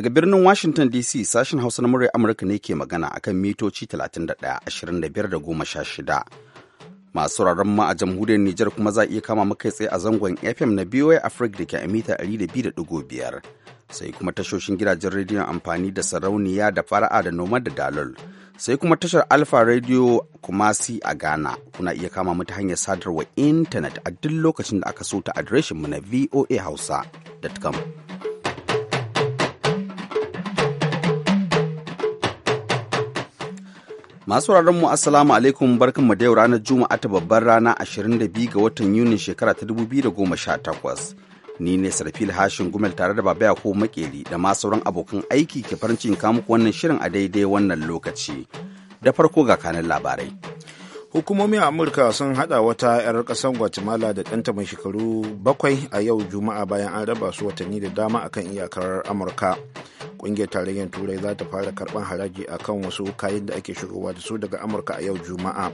Daga birnin Washington DC sashen Hausa na murya Amurka ne ke magana a kan mitoci 31, 25 da 16. masu rarren ma a jamhuriyar Nijar kuma za a iya kama maka tsaye a zangon FM na BOA Africa da ke a mita 200.5 sai kuma tashoshin gidajen rediyon amfani da sarauniya da fara'a da noma da dalol sai kuma tashar Alpha Radio Kumasi a Ghana kuna iya kama mata hanyar sadarwa intanet a duk lokacin da aka so ta adireshinmu na voahausa.com. Masu mu Assalamu alaikum barkan mu da yau ranar Juma'a ta babbar rana 22 ga watan yuni shekara ta 2018. Ni ne Sarfil Hashin Gumel tare da Baba ko Makeri da ma sauran abokan aiki ke farin cikin kamuku wannan shirin a daidai wannan lokaci. Da farko ga kanin labarai. Hukumomi a Amurka sun hada wata 'yar ƙasar Guatemala da ɗanta mai shekaru bakwai a yau Juma'a bayan an raba su watanni da dama akan iyakar Amurka. kungiyar tarayyar turai za ta fara karban haraji a kan wasu kayan da ake shigowa da su daga amurka a yau juma'a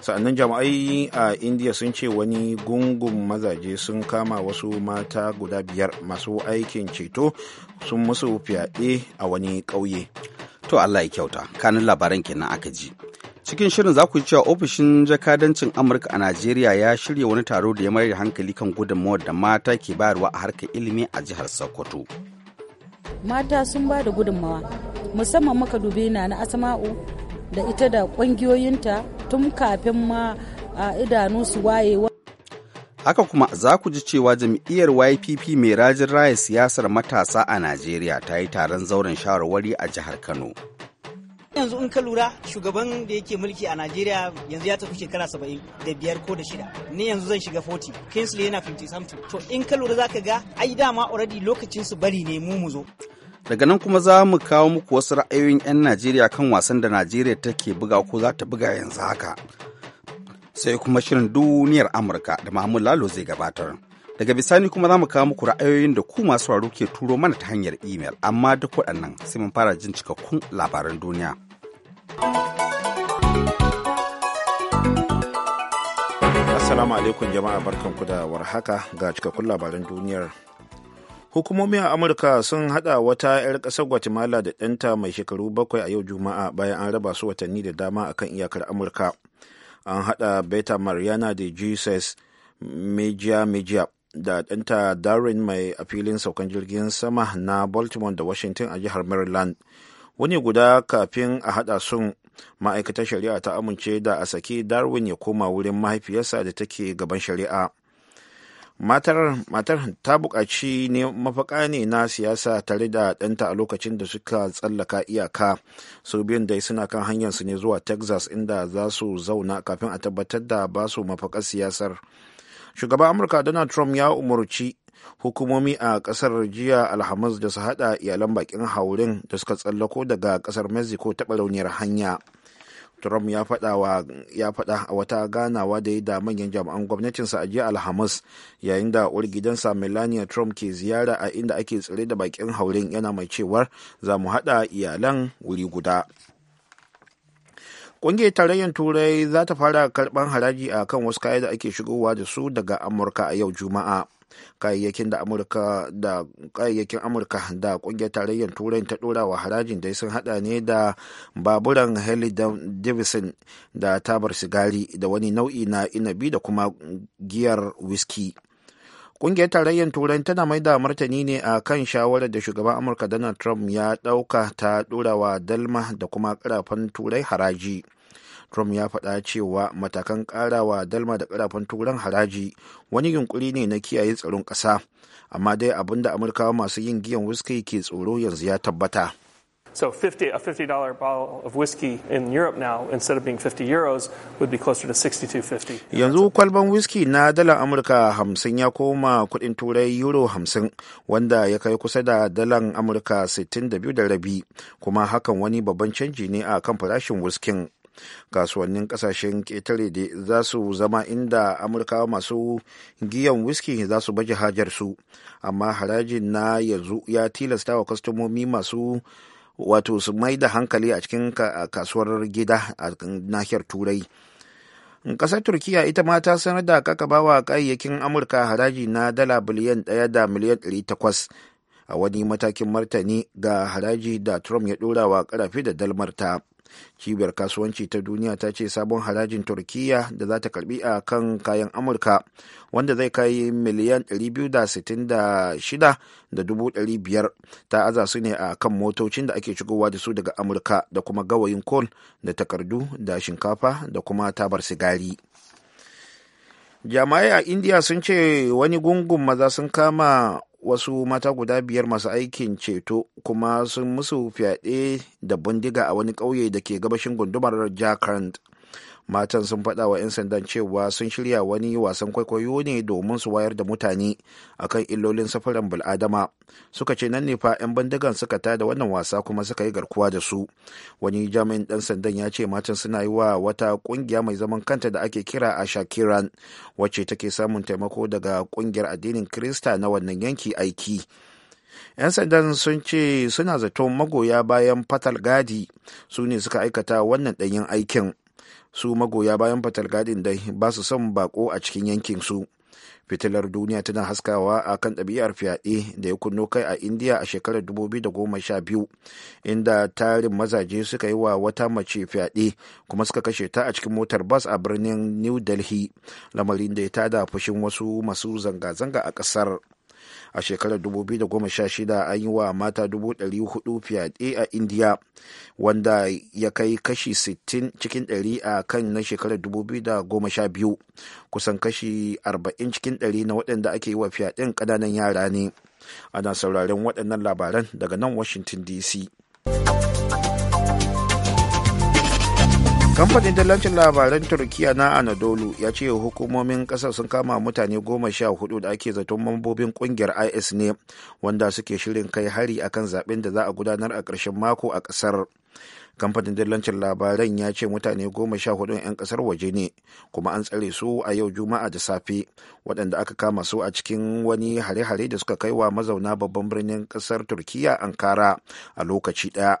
sa'annan jama'ai a indiya sun ce wani gungun mazaje sun kama wasu mata guda biyar masu aikin ceto sun musu fyaɗe a wani ƙauye to allah ya kyauta kanin labaran kenan aka ji cikin shirin za ku ji cewa ofishin jakadancin amurka a najeriya ya shirya wani taro da ya mayar da hankali kan gudunmawar da mata ke bayarwa a harkar ilimi a jihar sokoto mata sun ba da gudunmawa musamman maka dubi na na asma'u da ita da ƙungiyoyinta tun kafin ma a idanu su waye haka kuma za ku ji cewa jam'iyyar ypp mai rajin raya siyasar matasa a najeriya ta yi taron zauren shawarwari a jihar kano yanzu in ka lura shugaban da yake mulki a najeriya yanzu ya tafi shekara saba'in da biyar ko da shida ni yanzu zan shiga 40 kinsley yana 50 something to in ka lura za ka ga ai dama already lokacin su bari ne mu mu zo daga nan kuma za mu kawo muku wasu ra'ayoyin 'yan najeriya kan wasan da najeriya take buga ko za ta buga yanzu haka sai kuma shirin duniyar amurka da mahmud lalo zai gabatar. Daga bisani kuma za mu kawo muku ra'ayoyin da ku masu waro ke turo mana ta hanyar imel, amma duk waɗannan sai mun fara jin cikakkun labaran duniya. Assalamu alaikum jama'a barkanku da warhaka ga cikakkun labaran duniyar. hukumomi a amurka sun hada wata 'yar ƙasar guatemala da ɗanta mai shekaru bakwai a yau juma'a bayan an raba su watanni da dama akan iyakar amurka an hada beta mariana de jesus mejia mejia da ɗanta darren mai a filin saukan jirgin sama na baltimore da washington a jihar maryland wani guda kafin a hada sun ma'aikatar shari'a ta amince da a saki darwin ya koma wurin mahaifiyarsa da take gaban shari'a matar matar ta buƙaci ne mafaka ne na siyasa tare da ɗanta a lokacin da suka tsallaka iyaka su biyun dai suna kan hanyarsu ne zuwa texas inda za su zauna kafin a tabbatar da ba su mafakar siyasar shugaban amurka donald trump ya umarci hukumomi a kasar jiya alhamis da su hada iyalan bakin haurin da suka tsallako daga kasar mexico ta barauniyar hanya trump ya fada a wata ganawa da ya da manyan jami'an gwamnatinsa a jiya alhamis yayin da uwar gidansa melania trump ke ziyara a inda ake tsire da bakin haurin yana mai cewar za mu hada iyalan wuri guda Ƙungiyar tarayyar Turai za ta fara karɓar haraji a kan wasu kayan da ake shigowa da su daga Amurka a yau Juma'a. Kayayyakin da Amurka da kayayyakin Amurka da ƙungiyar tarayyar Turai ta ɗora wa harajin dai sun haɗa ne da baburan heli Davidson da tabar sigari da wani nau'i na inabi da kuma giyar whisky. Ƙungiyar tarayyar Turai tana mai da martani ne a kan shawarar da shugaban Amurka Donald Trump ya ɗauka ta ɗorawa dalma da kuma ƙarafan Turai haraji. Trump ya faɗa cewa matakan ƙarawa dalma da ƙarafan turan haraji wani yunkuri ne na kiyaye tsaron ƙasa, amma dai abin da Amurkawa masu yin giyan wuskai ke tsoro yanzu ya tabbata. So 50, a $50 bottle of whiskey in Europe now, instead of being 50 euros, would be closer to 62.50. Yanzu kwalban whiskey na dalar Amurka 50 ya koma kudin turai euro 50 wanda ya kai kusa da dalan Amurka 62 kuma hakan wani babban canji ne a kan farashin whiskin. kasuwannin kasashen ƙetare da za su zama inda amurkawa masu giyan whisky za su baje su amma harajin na yanzu ya tilasta wa kwastomomi masu wato su mai da hankali a cikin kasuwar gida a nahiyar turai kasar turkiya ita ma ta sanar da kaka bawa kayayyakin amurka haraji na dala biliyan ɗaya da miliyan 800 a wani matakin martani ga haraji da trump ya ɗora wa karafi da dalmarta. cibiyar kasuwanci ta duniya ta ce sabon harajin turkiya da za ta karbi a kan kayan amurka wanda zai kai miliyan 266,500 ta aza su ne a kan motocin da ake shigowa da su daga amurka da kuma gawayin kol da takardu da shinkafa da kuma tabar sigari jama'ai a indiya sun ce wani gungun maza sun kama wasu mata guda biyar masu aikin ceto kuma sun musu fyaɗe da bindiga a wani ƙauye da ke gabashin gundumar jakand matan sun faɗa wa 'yan sandan cewa sun shirya wani wasan kwaikwayo ne domin su wayar da mutane akan illolin safaran bil'adama suka ce nan ne fa 'yan bandigan suka da wannan wasa kuma suka yi garkuwa da su wani jami'in ɗan sandan ya ce matan suna yi wa wata ƙungiya mai zaman kanta da ake kira a shakiran wacce take samun taimako daga ƙungiyar addinin krista na wannan yanki aiki 'yan sandan sun ce suna zaton magoya bayan fatal gadi su ne suka aikata wannan ɗanyen aikin su magoya bayan gadin dai ba su son bako a cikin yankin su fitilar duniya tana haskawa a kan ɗabi'ar fyaɗe da ya kunno kai a indiya a shekarar 2012 inda tarin mazaje suka yi wa wata mace fyaɗe kuma suka kashe ta a cikin motar bas a birnin new delhi lamarin da ya tada fushin wasu masu zanga-zanga a ƙasar. a shekarar 2016 an yi wa mata 400 fyaɗe a indiya wanda ya kai kashi 60 cikin 100 a kan na shekarar 2012 kusan kashi 40 cikin 100 na waɗanda ake yi wa fyaɗen ƙananan yara ne ana sauraron waɗannan labaran daga nan washington dc kamfanin dalancin labaran turkiya na anadolu ya ce hukumomin kasar sun kama mutane goma sha hudu da ake zaton mambobin kungiyar is ne wanda suke shirin kai hari akan zaben da za a gudanar a ƙarshen mako a ƙasar kamfanin dillancin labaran ya ce mutane goma sha hudu 'yan kasar waje ne kuma an tsare su a yau juma'a da safe waɗanda aka kama su a cikin wani hare-hare da suka kai wa mazauna babban birnin kasar turkiya ankara a lokaci ɗaya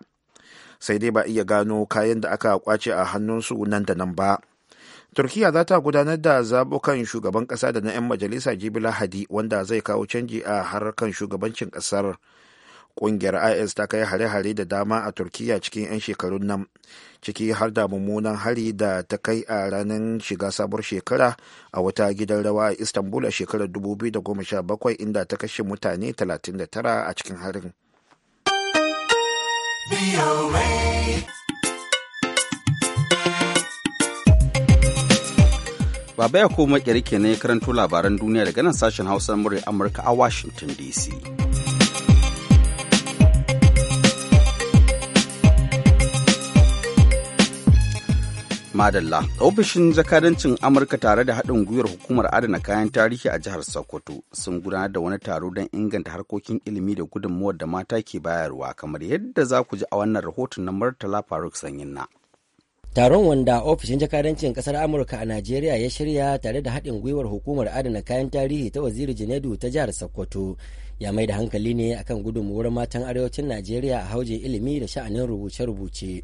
sai dai ba iya gano kayan da aka kwace a hannunsu nan da nan ba turkiya za ta gudanar da zabukan shugaban ƙasa da na 'yan majalisa jibi lahadi wanda zai kawo canji a harkan shugabancin ƙasar ƙungiyar is ta kai hare-hare da dama a turkiya cikin 'yan shekarun nan ciki har da mummunan hari da ta kai a ranar shiga sabuwar shekara a wata gidan rawa a istanbul a shekarar 2017 inda ta kashe mutane 39 a cikin harin. Baba ya koma kyarike ne karanto labaran duniya daga nan sashen Hausa murya Amurka a Washington DC. Madalla, ofishin jakadancin Amurka tare da haɗin gwiwar hukumar adana kayan tarihi a jihar Sokoto sun gudanar da wani taro don inganta harkokin ilimi da gudunmuwar da mata ke bayarwa kamar yadda za ku ji a wannan rahoton na Murtala Faruk Sanyinna. Taron wanda ofishin jakadancin kasar Amurka a Najeriya ya shirya tare da haɗin gwiwar hukumar adana kayan tarihi ta waziri Janedu ta jihar Sokoto ya mai da hankali ne akan gudunmuwar matan arewacin Najeriya a haujin ilimi da sha'anin rubuce-rubuce.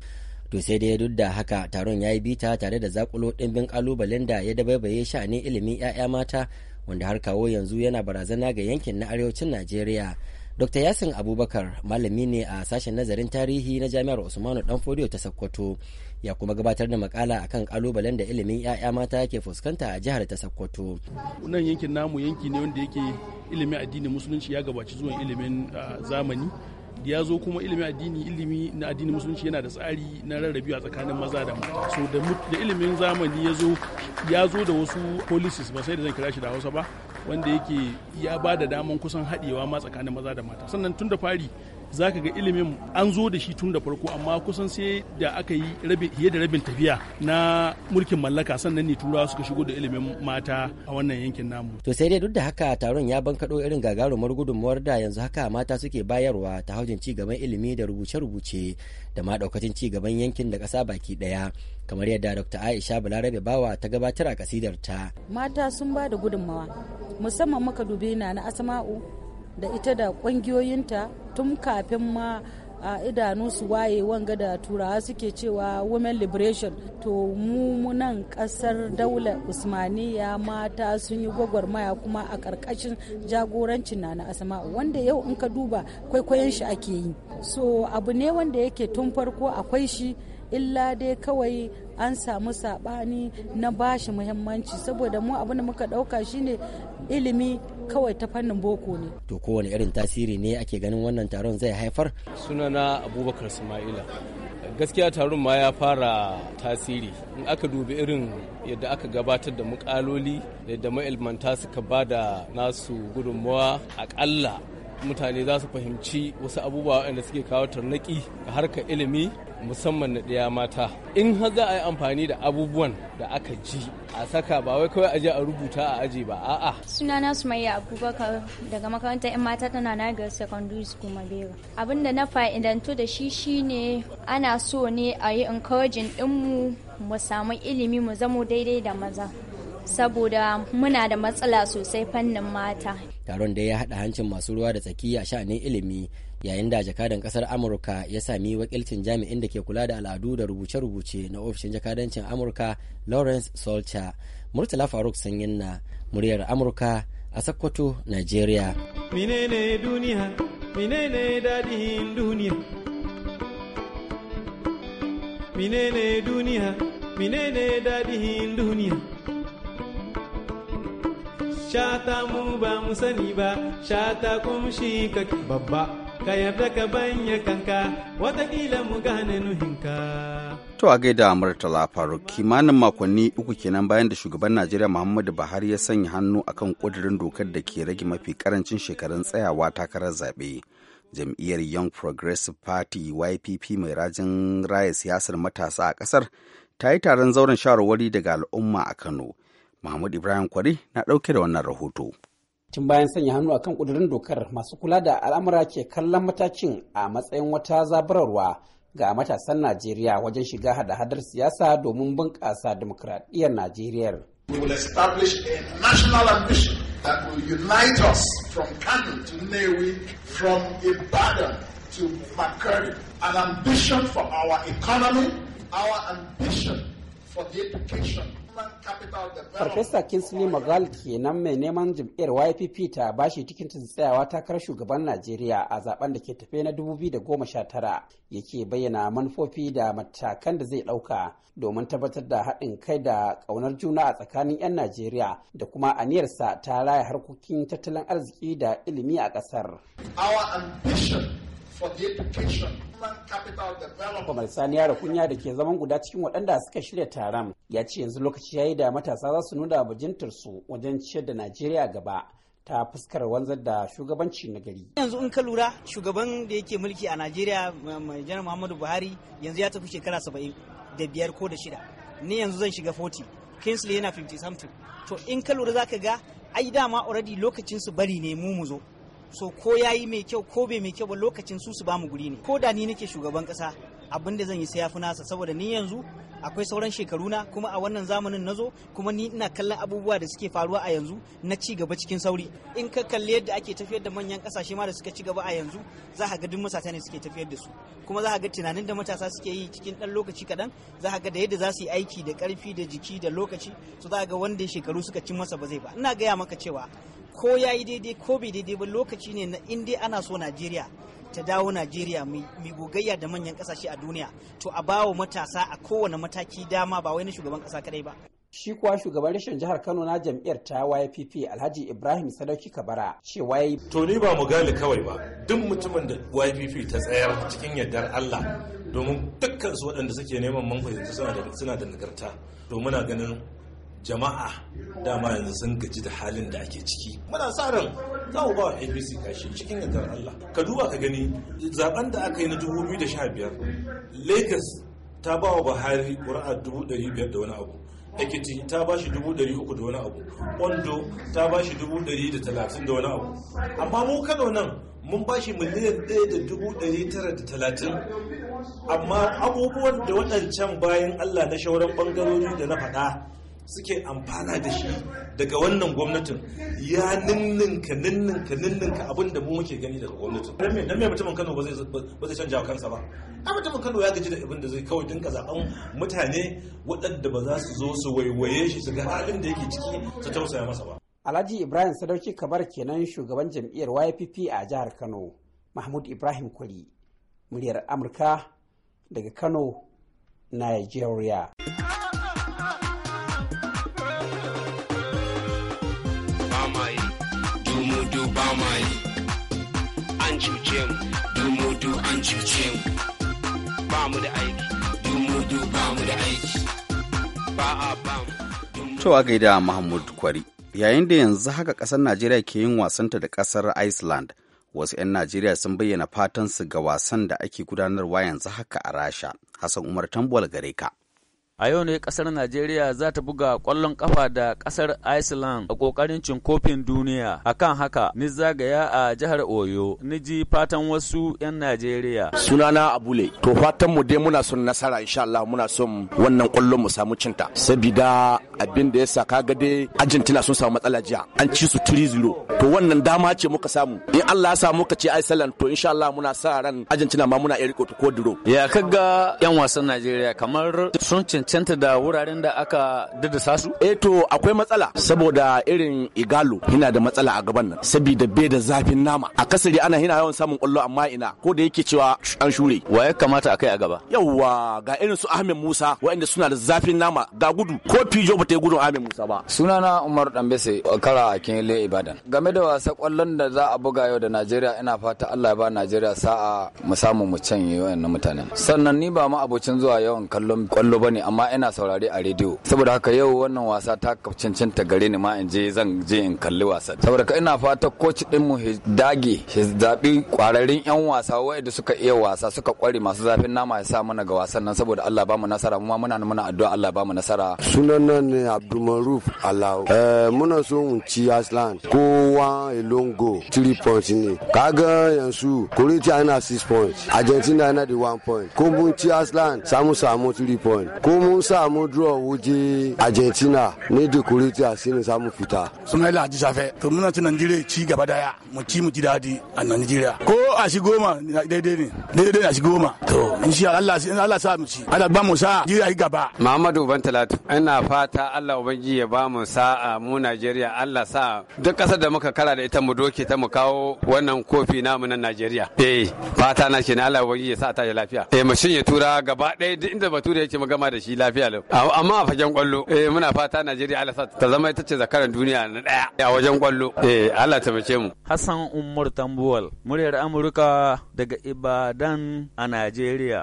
to sai dai duk da haka taron ya yi bita tare da zakulo ɗimbin kalubalen da ya dabaibaye shani ilimin 'ya'ya mata wanda har kawo yanzu yana barazana ga yankin na arewacin najeriya dr yasin abubakar malami ne a sashen nazarin tarihi na jami'ar usmanu danfodiyo ta sokoto ya kuma gabatar da makala akan kalubalen da ilimin 'ya'ya mata ke fuskanta a jihar ta sokoto nan yankin namu yanki ne wanda yake ilimin addinin musulunci ya gabaci zuwa ilimin ah, zamani ya zo kuma ilimin addini ilimi na addinin musulunci yana da tsari na rarrabi a tsakanin maza da mata so da ilimin zamani ya zo ya zo da wasu policies ba sai da zan kira shi da hausa ba wanda yake ya ba da daman kusan haɗewa ma tsakanin maza da mata sannan tun da fari za ka ga ilimin an zo da shi tun da farko amma kusan sai da aka yi fiye da rabin tafiya na mulkin mallaka sannan ne turawa suka shigo da ilimin mata a wannan yankin namu. To sai dai duk da haka taron ya bankaɗo irin gagarumar gudunmuwar da yanzu haka mata suke bayarwa ta haujin ci gaban ilimi da rubuce-rubuce da ma ɗaukacin ci gaban yankin da ƙasa baki ɗaya. kamar yadda dr aisha balarabe bawa ta gabatar a ta. mata sun ba da gudunmawa musamman muka dubi na na asma'u da ita da ƙungiyoyinta tun kafin ma a idanu su waye wanga da turawa suke cewa women liberation to mu nan kasar daula usmaniya mata sun yi gwagwarmaya kuma a karkashin jagorancin na na asama wanda yau in ka duba kwaikwayon shi ake yi so abu ne wanda yake tun farko akwai shi illa dai kawai an samu sabani na bashi muhimmanci saboda mu abin da muka dauka shine ilimi kawai ta fannin boko ne to kowane irin tasiri ne ake ganin wannan taron zai haifar sunana abubakar sama'ila gaskiya taron ma ya fara tasiri in aka dubi irin yadda aka gabatar da mukaloli da yadda ma'ilmanta suka ba da nasu gudunmawa akalla mutane za su fahimci wasu abubuwa waɗanda suke kawo tarnaki ga harkar ilimi musamman na ɗaya mata in har za a yi amfani da abubuwan da aka ji a saka ba wai kawai aje a rubuta a aji ba a'a sunana sumayya abubakar daga makarantar yan mata tana nagar secondary school mabera da na fa'idantu da shi shine ana so ne a yi encouraging ɗinmu mu samu ilimi mu zamo daidai da maza saboda muna da matsala sosai fannin mata. Taron da ya haɗa hancin masu ruwa da tsaki a sha'anin ilimi yayin da jakadan ƙasar amurka ya sami wakilcin jami'in da ke kula da al'adu da rubuce-rubuce na ofishin jakadancin amurka lawrence solcha murtala faruk sanyin na muryar amurka a sokoto nigeria menene duniya menene dadin duniya menene duniya menene dadin duniya shata mu ba mu sani ba shata kumshi shi kake babba ka yarda ka banya kanka watakila mu gane nuhinka To a gaida Murtala Faruk kimanin makonni uku kenan bayan da shugaban Najeriya Muhammadu Buhari ya sanya hannu akan kudirin dokar da ke rage mafi karancin shekarun tsayawa takarar zaɓe. Jam'iyyar Young Progressive Party YPP mai rajin raya siyasar matasa a ƙasar ta yi taron zauren shawarwari daga al'umma a Kano. Mahmud Ibrahim Kwari na ɗauke da wannan rahoto. Tun bayan sanya hannu akan ƙudurin dokar masu kula da al'amura ke kallon matakin a matsayin wata zabararwa ga matasan Najeriya wajen shiga hada-hadar siyasa domin bunƙasa dimokuraɗiyyar Najeriya. An ambition for the education Farfesa Kinsley Magal kenan mai neman jam'iyyar YPP ta bashi tikintin tsayawa takarar shugaban Najeriya a zaben da ke tafe na 2019 yake bayyana manufofi da matakan da zai ɗauka domin tabbatar da haɗin kai da ƙaunar juna a tsakanin 'yan Najeriya da kuma aniyarsa ta raya harkokin tattalin arziki da ilimi a ƙasar. for the education human Kwamar Kunya da ke zaman guda cikin waɗanda suka shirya taron ya ce yanzu lokaci ya yi da matasa za su nuna bajintarsu wajen ciyar da Najeriya gaba. ta fuskar wanzar da shugabanci na gari. Yanzu in ka lura shugaban da yake mulki a Najeriya mai Janar Muhammadu Buhari yanzu ya tafi shekara saba'in da biyar ko da shida. Ni yanzu zan shiga 40. Kingsley yana 50 something. To in ka lura za ka ga ai dama already lokacin su bari ne mu mu zo. so ko ya yi mai kyau ko bai mai kyau ba lokacin su su bamu guri ne ko da ni nake shugaban kasa abin da zan yi sai sa nasa saboda ni yanzu akwai sauran shekaru na kuma a wannan zamanin nazo kuma ni ina kallon abubuwa da suke faruwa a yanzu na ci gaba cikin sauri in ka kalli yadda ake tafiyar da manyan kasashe ma da suka ci gaba a yanzu za ka ga duk matasa ne suke tafiyar da su kuma za ka ga tunanin da matasa suke yi cikin dan lokaci kadan za ka ga da yadda za su yi aiki da karfi da jiki da lokaci su za ka ga wanda shekaru suka cin masa ba zai ba ina gaya maka cewa ko ya yi daidai ko bai daidai ba lokaci ne na in dai ana so Najeriya ta dawo Najeriya mai gogayya da manyan kasashe a duniya to a bawa matasa a kowane mataki dama ba wai na shugaban kasa kadai ba. Shi kuwa shugaban rashin jihar Kano na jam'iyyar ta YPP Alhaji Ibrahim Sadauki Kabara ce yayi to ni ba mu gali kawai ba duk mutumin da YPP ta tsayar cikin yardar Allah domin dukkan su waɗanda suke neman manfa yanzu suna da nagarta to muna ganin jama'a dama yanzu sun gaji da halin da ake ciki muna sa ran za ku ba wa apc kashi cikin yantar allah ka duba ka gani zaben da aka yi na 2015 lagos ta ba wa buhari ƙura'a 500 da wani abu ekiti ta ba shi dubu uku da wani abu ondo ta ba shi dubu da talatin da wani abu amma mu kano nan mun ba shi miliyan ɗaya da dubu tara da talatin amma abubuwan da waɗancan bayan allah na shauran ɓangarori da na faɗa suke amfana da shi daga wannan gwamnatin ya ninninka ninninka ninninka abin da mu muke gani daga gwamnatin dan me mutumin Kano ba zai canja kansa ba a mutumin Kano ya gaji da abin da zai kawai dinka zaben mutane waɗanda ba za su zo su waiwaye shi su ga halin da yake ciki su tausaya masa ba Alhaji Ibrahim Sadauki Kabar kenan shugaban jam'iyyar YPP a jihar Kano Mahmud Ibrahim Kwali muryar Amurka daga Kano Nigeria cuce mu ba da aiki to a gaida mahmud kwari yayin da yanzu haka kasar najeriya ke yin wasanta da kasar iceland wasu 'yan najeriya sun bayyana fatan su ga wasan da ake gudanarwa yanzu haka a rasha hassan umar tambol gare ka A yau ne kasar Najeriya za ta buga ƙwallon ƙafa da ƙasar Iceland a ƙoƙarin cin kofin duniya. A kan haka, ni zagaya a jihar Oyo, ni ji fatan wasu 'yan Najeriya. Sunana Abule, to fatan mu dai muna son nasara insha Allah muna son wannan ƙwallon mu samu cinta. Sabida abin da ya sa kaga dai Argentina sun samu matsala jiya, an ci su 3-0. To wannan dama ce muka samu. In Allah ya sa muka ce Iceland to insha Allah muna sa ran Argentina ma muna iya riko ko duro. Ya kaga 'yan wasan Najeriya kamar sun cancanta da wuraren da aka daddasa su? E to akwai matsala saboda irin igalo yana da matsala a gaban nan saboda bai da zafin nama. A kasari ana hina yawan samun kwallo amma ina ko da yake cewa an shure. Wa ya kamata a kai a gaba? Yawwa ga irin su Ahmed Musa waɗanda suna da zafin nama ga gudu ko Fijo ba ta yi gudun Ahmed Musa ba. Sunana Umar Dambese kara a Kinle Ibadan. Game da wasa kwallon da za a buga yau da Najeriya ina fata Allah ya ba Najeriya sa'a mu samu mu canye wayannan mutanen. Sannan ni ba ma abocin zuwa yawan kallon kwallo kwallo bane amma ina saurare a rediyo saboda haka yau wannan wasa ta cancanta gare ni ma in je zan je in kalli wasa saboda ka ina fata koci din mu dage shi zabi kwararrun yan wasa wa'anda suka iya wasa suka kware masu zafin nama ya sa mana ga wasan nan saboda Allah ba mu nasara mu ma muna muna addu'a Allah ba mu nasara sunana ne Abdulmaruf Allah eh muna so mu ci Aslan kowa Elongo 3 points ne kaga yanzu Corinthians na 6 points Argentina na da 1 point ko mun ci Aslan samu samu 3 points ko mun sa mu duro waje argentina ne da kuritiya sai ne samu fita sun ila ji safe to muna ci nigeria ci gaba daya mu ci mu ji dadi a nigeria ko a shi goma daidai ne daidai ne a shi goma to in shi allah allah sa mu ci allah ba mu sa jira gaba muhammadu ban talatu ina fata allah ubangi ya ba mu a mu nigeria allah sa duk kasar da muka kara da ita mu doke ta mu kawo wannan kofi namu na nigeria eh fata na shi na allah ubangi ya sa ta lafiya eh mashin ya tura gaba ɗaya inda bature yake magana gama da shi lafiya lau amma a fagen kwallo eh muna fata Najeriya Allah ta zama ita ce zakaran duniya na daya a wajen kwallo eh Allah ta mace mu Hassan Umar Tambuwal muryar Amurka daga Ibadan a Najeriya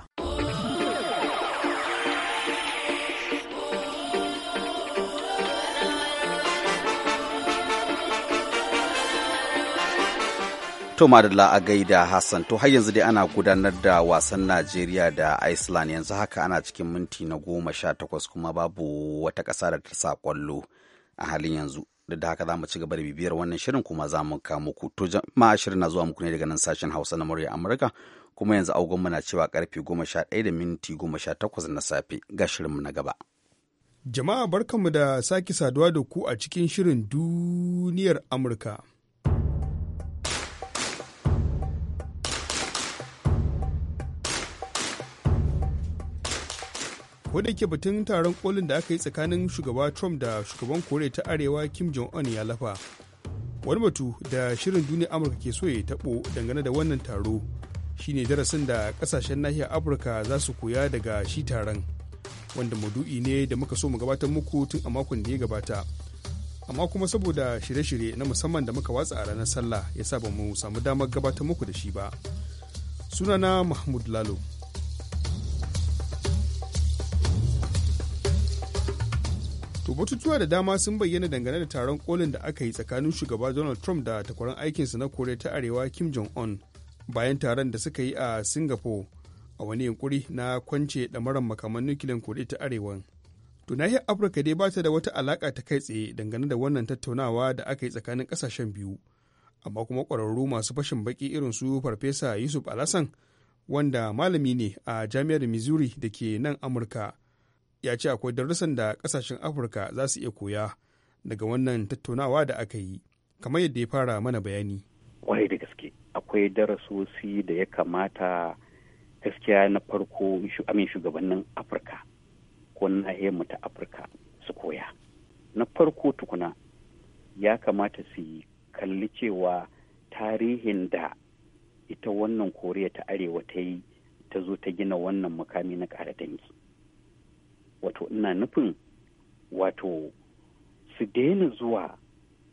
To Madalla a gaida Hassan to har yanzu dai ana gudanar da wasan Najeriya da Iceland yanzu haka ana cikin minti na goma sha takwas kuma babu wata ƙasa da ta sa ƙwallo a halin yanzu duk da haka za mu ci gaba da bibiyar wannan shirin kuma za mu kawo muku to ma shirin na zuwa muku ne daga nan sashen Hausa na murya Amurka kuma yanzu agogon mu na cewa karfe goma sha ɗaya da minti goma sha takwas na safe ga shirinmu na gaba. Jama'a barkanmu da sake saduwa da ku a cikin shirin duniyar Amurka. wadda ke batun taron kolin da aka yi tsakanin shugaba trump da shugaban koriya ta arewa kim jong-un ya lafa wani batu da shirin duniya amurka ke so ya tabo dangane da wannan taro shine darasin da kasashen nahiyar afirka za su koya daga shi taron wanda madu'i ne da muka so mu gabatar muku tun a makon da ya gabata amma kuma saboda shirye-shirye na musamman da muka watsa a ranar sallah ya sa ba mu samu damar gabatar muku da shi ba sunana mahmud lalo To batutuwa da dama sun bayyana dangane da taron kolin da aka yi tsakanin shugaba Donald Trump da takwaran aikinsa na Koriya ta Arewa Kim Jong-un bayan taron da suka yi a Singapore a wani yunkuri na kwance ɗamaran makaman nukiliyan korea ta Arewa. To nahiyar Afirka dai ba ta da wata alaƙa ta kai tsaye dangane da wannan tattaunawa da aka yi tsakanin ƙasashen biyu. Amma kuma ƙwararru masu fashin baki irin su Farfesa Yusuf Alasan wanda malami ne a Jami'ar Missouri da ke nan Amurka. ya ce akwai darussan da kasashen afirka za su iya koya daga wannan tattaunawa da aka yi kamar yadda ya fara mana bayani kwarai da gaske akwai darasosi da ya kamata gaskiya na farko amin shugabannin afirka ko nahiyarmu ta afirka su koya na farko tukuna ya kamata su kalli cewa tarihin da ita wannan koriya ta arewa ta yi ta zo ta gina wannan mukami na ƙara dangi wato ina nufin wato su daina zuwa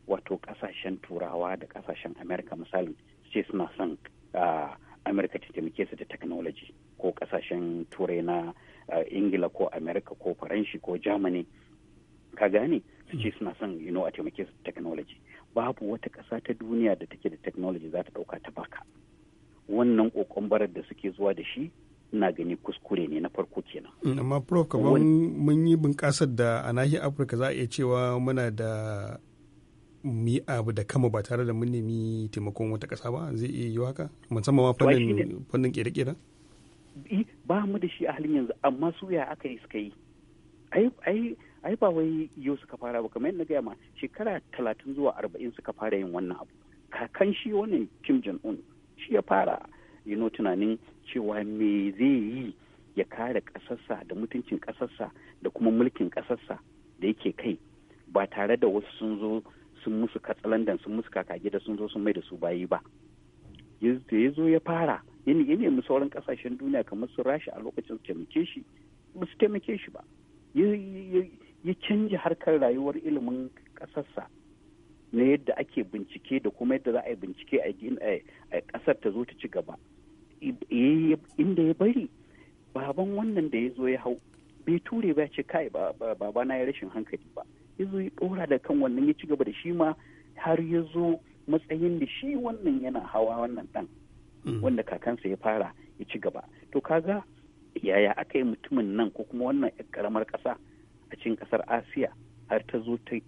wato kasashen turawa da kasashen amerika misalin ce suna son ah, amerika ta taimake su da technology ko kasashen turai na ah, ingila ko amerika ko faranshi ko germany ka gane su ce suna son you know a taimake su da technology babu wata ƙasa ta duniya da take da technology za ta ɗauka ta baka wannan ƙoƙon barar da suke zuwa da shi ina gani kuskure ne na farko kenan. Mm, amma prof kamar mun yi bunƙasar da a nahiyar afirka za a iya cewa muna da mi abu da kama ba tare da mun nemi taimakon wata ƙasa ba zai iya yi haka musamman ma fannin fannin ƙere ba mu da shi a halin yanzu amma su ya aka yi suka yi ai ba wai yau suka fara ba kamar yadda gaya ma shekara talatin zuwa arba'in suka fara yin wannan abu kakan shi wannan kim jong un shi ya fara no tunanin cewa me zai yi ya kare ƙasarsa da mutuncin ƙasarsa da kuma mulkin ƙasarsa da yake kai ba tare da wasu sun zo sun musu katsalandan sun musu kakage da sun zo sun mai da su bayi ba da ya zo ya fara yana yi nemi sauran kasashen duniya kamar su rashi a lokacin su taimake shi ba su taimake shi ba ya canji harkar rayuwar ilimin ƙasarsa na yadda ake bincike da kuma yadda za a yi bincike a kasar ta zo ta ci gaba inda ya bari baban wannan da ya zo ya hau bai ture ba ce kai baba na ya rashin hankali ba ya zo ya ɗora da kan wannan ya ci gaba da shi ma har ya zo matsayin da shi wannan yana hawa wannan ɗan mm. wanda kakansa ya fara ya ci gaba to kaga yaya aka yi mutumin nan ko kuma wannan karamar ƙasa a cikin ƙasar asiya har ta zo ta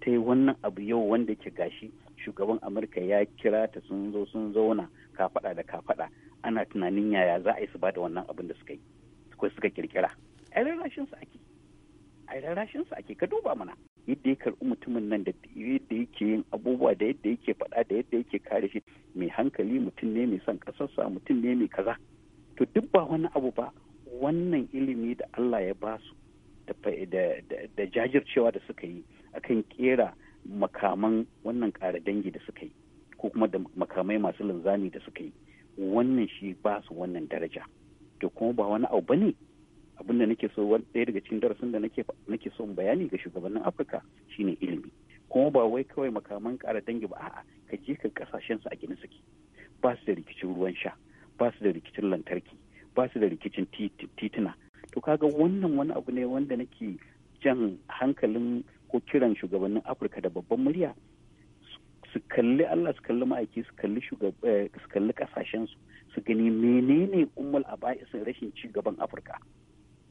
ta yi wannan abu yau wanda ke gashi shugaban amurka ya kira ta sun zo sun zauna kafaɗa da kafaɗa ana tunanin yaya za a yi su ba da wannan abin da suka yi suka kirkira a rarrashin su ake a rarrashin ka duba mana yadda ya karɓi mutumin nan da yadda yake yin abubuwa da yadda yake faɗa da yadda yake kare shi mai hankali mutum ne mai son ƙasarsa mutum ne mai kaza to duk ba wani abu ba wannan ilimi da Allah ya ba su da jajircewa da suka yi akan kera makaman wannan ƙara dangi da suka yi ko kuma da makamai masu linzami da suka yi wannan shi ba su wannan daraja to kuma ba wani abu bane abin da nake so ɗaya daga cikin darasin da nake so bayani ga shugabannin afirka shine ilimi kuma ba wai kawai makaman ƙara dangi ba a'a ka je ka kasashen su a gina suke ba su da rikicin ruwan sha ba su da rikicin lantarki ba su da rikicin tituna to kaga wannan wani abu ne wanda nake jan hankalin ko kiran shugabannin afirka da babban murya su kalli allah su kalli ma'aiki su kalli eh, su kasashensu su gani menene ummul aba'isin rashin ci gaban afirka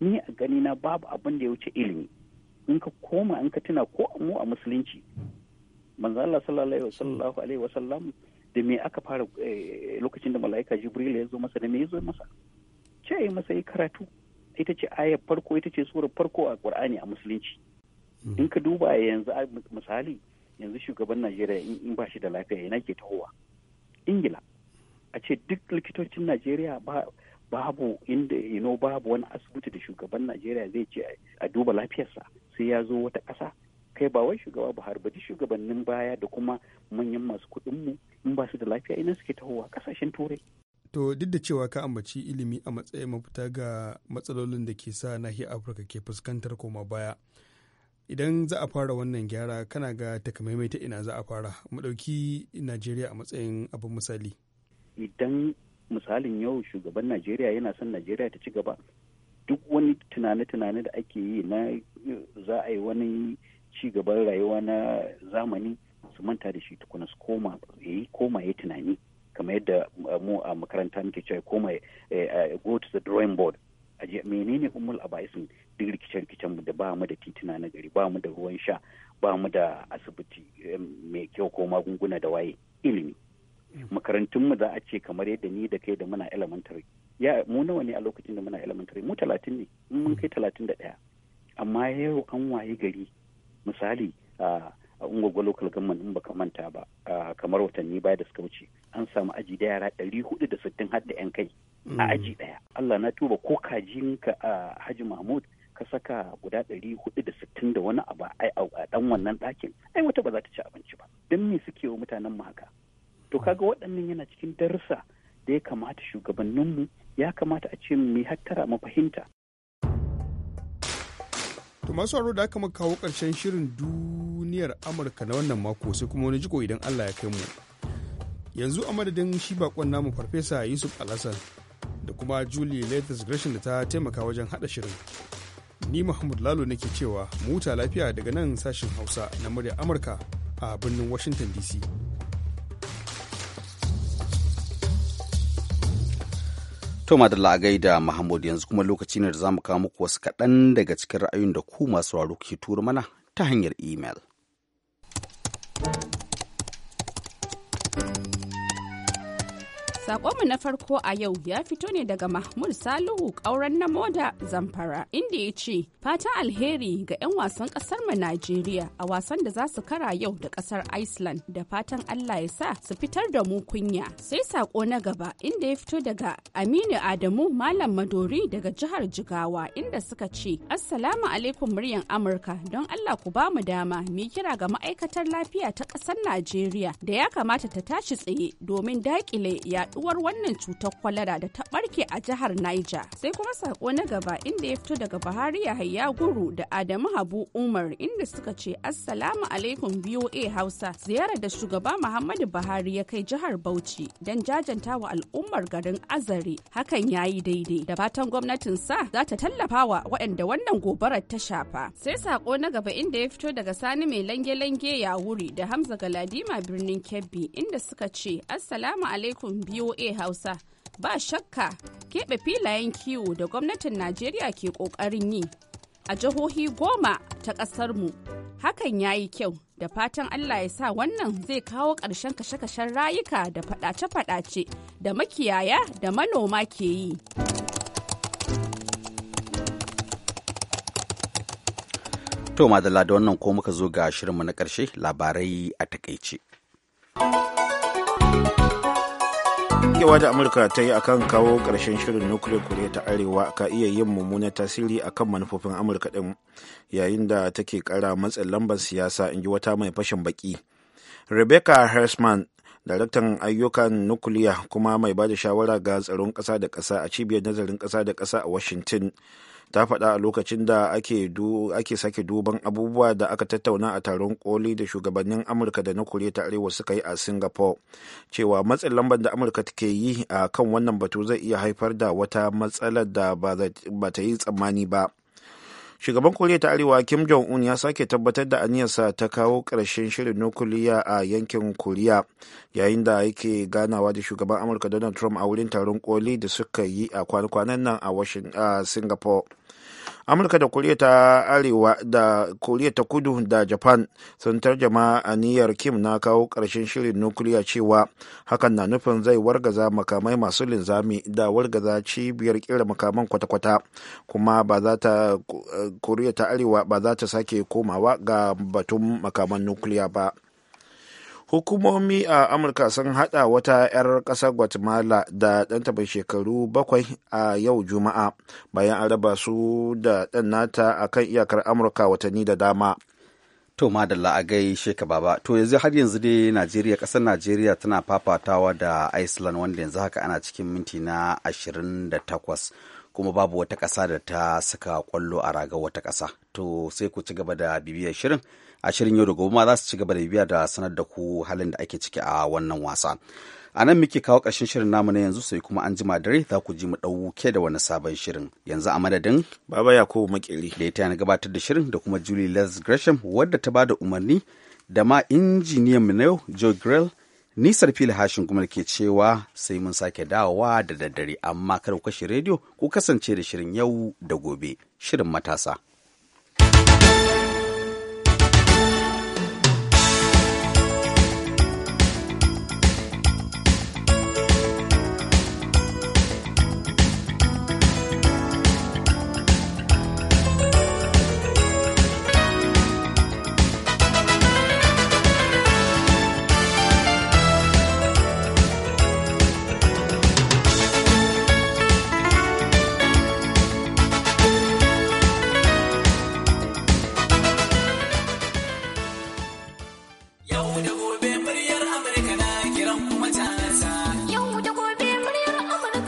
ni a gani na babu abin da ya wuce ilimi in ka koma in ka tuna ko mu a musulunci manzo Allah sallallahu alaihi wasallam da me aka fara eh, lokacin da mala'ika jibril ya zo masa da me ya zo masa ce masa yi karatu ita ce ayar farko ita ce surar farko a qur'ani a musulunci in ka duba yanzu misali yanzu shugaban najeriya in ba shi da lafiya yana ke tahowa ingila a ce duk likitocin najeriya babu inda ino babu wani asibiti da shugaban najeriya zai ce a duba lafiyarsa sai ya zo wata ƙasa kai ba wai shugaba buhari ba duk shugabannin baya da kuma manyan masu mu in ba su da lafiya ina suke tahowa ƙasashen turai To duk da cewa ka ambaci ilimi a matsayin mafita ga matsalolin da ke sa nahiyar Afirka ke fuskantar koma baya, idan za a fara wannan gyara kana ga takamaimai ta ina za a fara mu najeriya a matsayin abin misali idan misalin yau shugaban najeriya yana son najeriya ta ci gaba duk wani tunane-tunane da ake yi na za a yi wani ci gaban rayuwa na zamani su manta da shi tukuna su koma ya yi koma ya tunani kamar yadda uh, mu a makaranta muke cewa koma eh, eh, go to the drawing board a menene umul abaisin duk rikice-rikicen da ba mu da tituna na gari ba mu da ruwan sha ba mu da asibiti mai kyau ko magunguna da waye ilimi mm. makarantunmu za a ce kamar yadda ni da kai da muna elementary ya mu nawa ne a lokacin da muna elementary mu talatin ne in mun mm. kai talatin da ɗaya amma yau an waye gari misali a ungwagwa local government in baka manta ba kamar watanni baya da suka wuce an samu aji da yara 460 sittin har da yan kai a mm. aji daya Allah na tuba ko kajinka a Haji Mahmud ka saka guda ɗari hudu da sittin da wani abu a ɗan wannan ɗakin ai wata ba za ta ci abinci ba don me suke wa mutanen mu haka to hmm. kaga waɗannan yana cikin darussa da ya kamata shugabanninmu ya kamata a ce mu hattara mu fahimta. To masu aro da aka muka kawo ƙarshen shirin duniyar Amurka na wannan mako sai kuma wani jiko idan Allah ya kai mu. Yanzu a madadin shi bakon namu Farfesa Yusuf alhassan da kuma Julie Latest Gresham da ta taimaka wajen haɗa shirin. ni Mahmud Lalo nake cewa muta lafiya daga nan sashin Hausa na murya Amurka a birnin Washington DC. To madalla a gaida Muhammad yanzu kuma lokaci ne da za mu kawo muku wasu kaɗan daga cikin ra'ayoyin da ku masu sauraro ke tura mana ta hanyar email Sakonmu na farko a yau ya fito ne daga Mahmud Salihu ƙauren na moda Zamfara inda ya ce fatan alheri ga 'yan wasan ƙasarmu mu Najeriya a wasan da za su kara yau da ƙasar Iceland da fatan Allah ya sa su fitar da mu kunya. Sai sako na gaba inda ya fito daga Aminu Adamu Malam Madori daga jihar Jigawa inda suka ce Assalamu alaikum muryan Amurka don Allah ku ba mu dama mu kira ga ma'aikatar lafiya ta ƙasar Najeriya da ya kamata ta tashi tsaye domin daƙile yaɗu yaduwar wannan cutar kwalara da ta barke a jihar Niger. Sai kuma sako na gaba inda ya fito daga Buhari Yahaya Guru da Adamu Habu Umar inda suka ce Assalamu alaikum a Hausa. Ziyarar da shugaba Muhammadu Buhari ya kai jihar Bauchi don jajanta wa al'ummar garin Azare hakan yayi daidai. Da fatan gwamnatin sa za ta tallafa wa waɗanda wannan gobarar ta shafa. Sai sako na gaba inda ya fito daga Sani mai lange-lange ya wuri da Hamza Galadima birnin Kebbi inda suka ce Assalamu alaikum biyo VOA Hausa. Ba shakka keɓe filayen kiwo da gwamnatin Najeriya ke ƙoƙarin yi a jihohi goma ta ƙasarmu. Hakan ya yi kyau da fatan Allah ya sa wannan zai kawo ƙarshen kashe-kashen rayuka da faɗace-faɗace da makiyaya da manoma ke yi. To madalla da wannan ko muka zo ga shirinmu na ƙarshe labarai a takaice. Dagewa da Amurka ta yi akan kawo karshen shirin nukiliyar Koriya ta Arewa ka iya yin mummunan tasiri akan manufofin Amurka ɗin yayin da take kara matsin lambar siyasa in ji wata mai fashin baki. Rebecca Hersman, daraktan ayyukan nukuliya kuma mai ba da shawara ga tsaron kasa da kasa a cibiyar nazarin kasa da kasa a Washington, ta faɗa a lokacin da ake sake duban abubuwa da aka tattauna a taron koli da shugabannin amurka da na koriya ta arewa suka yi a singapore cewa matsin lambar da amurka ke yi a kan wannan batu zai iya haifar da wata matsalar da ba ta yi tsammani ba shugaban koriya ta arewa kim jong un ya sake tabbatar da aniyarsa ta kawo ƙarshen shirin nukuliya a yankin koriya yayin da yake ganawa da shugaban amurka donald trump a wurin taron koli da suka yi a kwanan-kwanan nan a singapore amurka da koriya ta arewa da koriya ta kudu da japan sun tarjama aniyar kim na kawo ƙarshen shirin nukiliya cewa hakan na nufin zai wargaza makamai masu linzami da wargaza cibiyar kira makaman kwata-kwata kuma ba za ta koriya ta arewa ba za ta sake komawa ga batun makaman nukiliya ba hukumomi a amurka sun hada wata 'yar kasar guatemala da dan taba shekaru bakwai a yau juma'a bayan an raba su da ɗan nata a kan iyakar amurka watanni da dama to madalla a gai sheka baba to yanzu har yanzu dai najeriya ƙasar najeriya tana fafatawa da iceland wanda yanzu haka ana cikin minti na 28 kuma babu wata kasa da ta saka kwallo a ragar wata kasa to sai ku ci gaba da bibiyar shirin a shirin yau da gobe ma za su ci gaba da bibiya da sanar da ku halin da ake ciki a wannan wasa a nan muke kawo ƙarshen shirin namu na yanzu sai kuma an jima dare za ku ji mu ɗauke da wani sabon shirin yanzu a madadin baba yakubu makeri da ya na gabatar da shirin da kuma julie les gresham wadda ta ba da umarni da ma injiniyan mu na yau joe grell nisar fili hashin kuma ke cewa sai mun sake dawowa da daddare amma kar ku kashe rediyo ku kasance da shirin yau da gobe shirin matasa